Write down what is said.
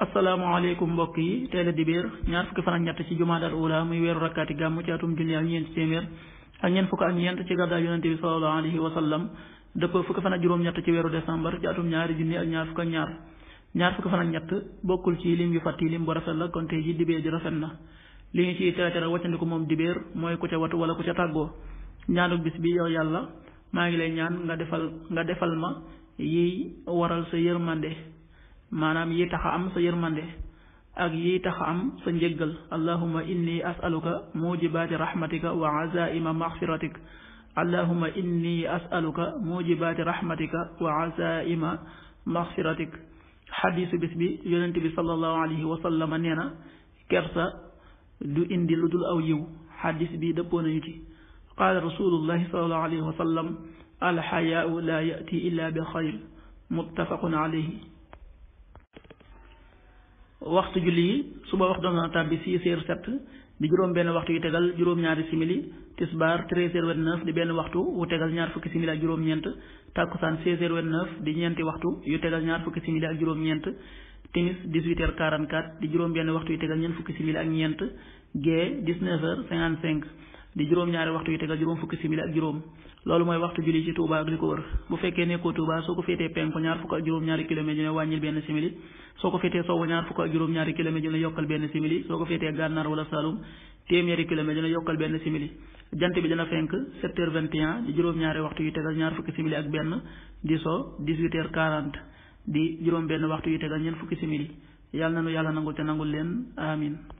asalaamaaleykum mbokk yi teel a ñaar fukki fan ñett ci jumaadal ula muy weeru rakkaati gàmm ci atum junni ak ñeent téeméer ak ñeent fukk ak ñeent wa sallam dëppoo fukki fan ak juróom-ñett ci weeru décembre ci atum ñaari junni ak ñaar fukk ñaar ñaar fukki fan ak ñett bokkul ci lim yu fa yi lim bu rafet la kon tey ji dibéer ji rafet na li ñu ciy teetera wàccandiku moom dibéer mooy ku ca watu wala ku ca tàggoo ñaanuk bis bi yow yàlla maa ngi lay ñaan nga defal nga defal ma yi waral sa yërmande maanaam yi tax a am sa yërmande ak yi tax a am sa njëggal allahuma inni asaluka mujibaati rahmatika wa azaima maxfiratik allahuma inni asaluka mujibaati rahmatika wa azaima maxfiratik xadiisu bis bi yonent bi sallallahu alayhi wa sallam nee na kersa du indi lu dul aw yiw xadiis bi dëppoo nañu ci qaala rasulullahi sallallahu alayhi wa sallam alxayaau laa yati illa bi xayr muttafaqun alayhi waxtu julli yi suba waxtu doon na tàbbi six heures sept di juróom benn waxtu yu tegal juróom-ñaari simili tisbaar treize heures vingt-neuf di benn waxtu wu tegal ñaar fukki simili ak juróom-ñeent tàkkusaan seize heures vingt-neuf di ñeenti waxtu yu tegal ñaar fukki simili ak juróom-ñeent timis 18 heures 44 di juróom benni waxtu yu tegal ñeent fukki simili ak ñeent gee 19 heures 55 di juróom-ñaari waxtu yu tegal juróom fukki simili ak juróom loolu mooy waxtu julli ci Touba ak li ko wër bu fekkee nekkoo Touba soo ko féetee penku ñaari kilomètres yu ne wàññil benn simili soo ko féetee sowwu ñaar fukk ak juróom-ñaari kilomètres yu ne yokkal benn simili soo ko féetee gànnaar wala Saloum téeméeri kilomètres yu ne yokkal benn simili jant bi dina fenk 7 heures 21 di juróom-ñaari waxtu yu tegal ñaar fukki simili ak benn di so 18 di juróom benn waxtu yu tegal ñeent fukki simili yàlla na nu yàlla nangul te nangul leen amin